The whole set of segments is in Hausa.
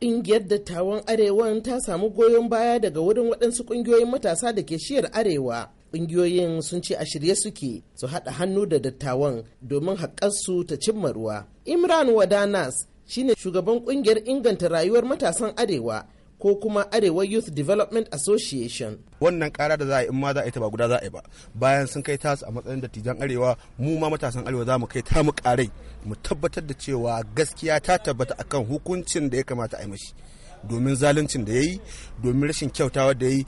Ƙungiyar dattawan Arewan ta samu goyon baya daga wurin waɗansu ƙungiyoyin matasa da ke shiyar Arewa. Ƙungiyoyin sun ce a shirye suke su haɗa hannu da dattawan domin haƙƙarsu ta cimma ruwa. Imran Wadanas shine shugaban ƙungiyar inganta rayuwar matasan Arewa ko kuma arewa youth development association wannan kara da za a yi in ma za a yi ta ba guda za a yi ba bayan sun kai tasu a matsayin dattijan arewa mu ma matasan arewa za mu kai ta mu karai mu tabbatar da cewa gaskiya ta tabbata akan hukuncin da ya kamata a yi mashi domin zaluncin da ya yi domin rashin kyautawa da ya yi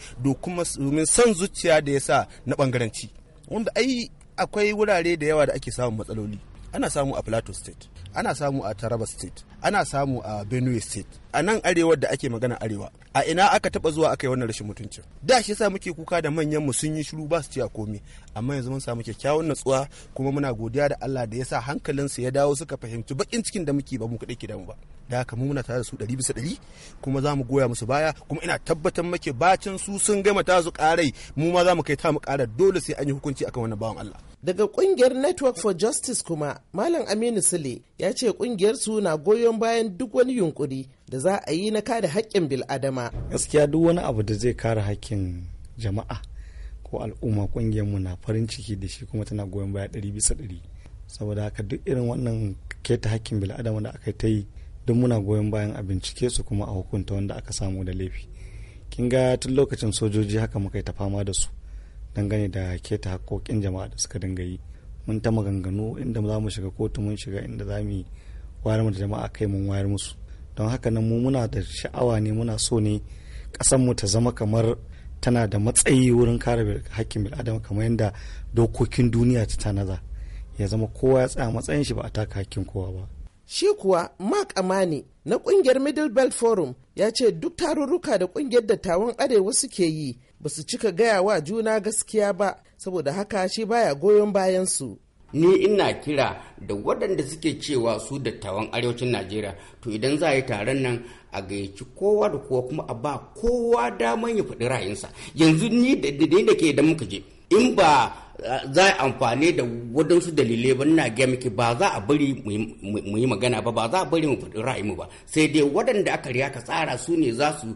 domin son zuciya da ya sa na bangaranci wanda ai akwai wurare da yawa da ake samun matsaloli ana samu a plateau state ana samu a taraba state ana samu a benue state a nan arewa da ake magana arewa a ina aka taba zuwa aka yi wannan rashin mutuncin da shi sa muke kuka da manyan mu sun yi shiru ba su ciya komi amma yanzu mun samu kyakkyawan natsuwa kuma muna godiya da Allah da ya sa hankalinsu ya dawo suka fahimci bakin cikin da muke ba mu kaɗai ke damu ba da haka mu muna tare da su ɗari bisa ɗari kuma za mu goya musu baya kuma ina tabbatar make bacin su sun gama ta su ƙarai mu ma za mu kai ta mu ƙara dole sai an yi hukunci akan wannan bawan Allah. Daga ƙungiyar Network for Justice kuma Malam Aminu Sule ya ce kungiyar su na goyon bayan duk wani yunkuri da za a yi na kare haƙƙin bil'adama. Gaskiya duk wani abu da zai kare haƙƙin jama'a ko al'umma kungiyar mu na farin ciki da shi kuma tana goyon baya ɗari bisa ɗari. Saboda haka duk irin wannan keta haƙƙin bil'adama da aka ta yi don muna goyon bayan a bincike su kuma a hukunta wanda aka samu da laifi kin ga tun lokacin sojoji haka muka yi ta fama da su dangane da keta haƙoƙin jama'a da suka dinga yi mun ta maganganu inda za mu shiga kotu mun shiga inda za mu wayar da jama'a kai mun wayar musu don haka nan mu muna da sha'awa ne muna so ne mu ta zama kamar tana da matsayi wurin kare hakkin bil'adama kamar yadda dokokin duniya ta tanada ya zama kowa ya tsaya matsayin shi ba a taka haƙƙin kowa ba Shi kuwa Mark Amani na kungiyar Middle Belt Forum ya ce duk tarurruka da kungiyar dattawan Arewa suke yi ba su cika gaya wa juna gaskiya ba saboda haka shi baya goyon bayan su. Ni ina kira da waɗanda suke cewa su dattawan arewacin Najeriya to idan za a yi taron nan a gayyaci kowa da kowa kuma a ba kowa daman ya faɗi ra'ayinsa yanzu ni da da ke idan muka je in ba za a amfani da waɗansu dalilai ba na gaya miki ba za a bari mu yi magana ba ba za a bari mu faɗi ra'ayinmu ba sai dai waɗanda aka riya ka tsara su ne za su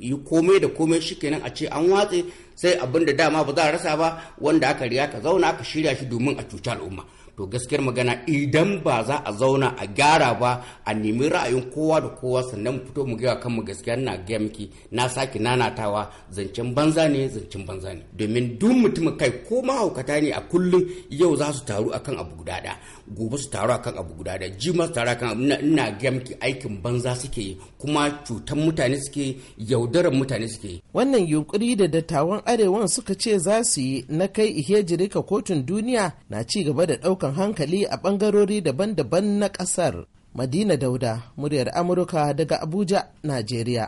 yi komai da komai shikenan a ce an watse sai abin da dama ba za a rasa ba wanda aka riya ka zauna aka shirya shi domin a cuci al'umma to gaskiyar magana idan ba za a zauna a gyara ba a nemi ra'ayin kowa da kowa sannan mu fito mu gaya kanmu gaskiya na gaya miki na sake nanatawa zancen banza ne zancen banza ne domin duk mutum kai ko mahaukata ne a kullum yau za su taru akan abu guda da gobe su taru akan abu guda da ji su taru akan abu ina gaya miki aikin banza suke yi kuma cutan mutane suke yi yaudarar mutane suke yi wannan yunkuri da dattawan arewan suka ce za su yi na kai ihejirika kotun duniya na ci gaba da ɗauka ɗaukan hankali a ɓangarori daban-daban na ƙasar. Madina Dauda, muryar Amurka daga Abuja, Najeriya.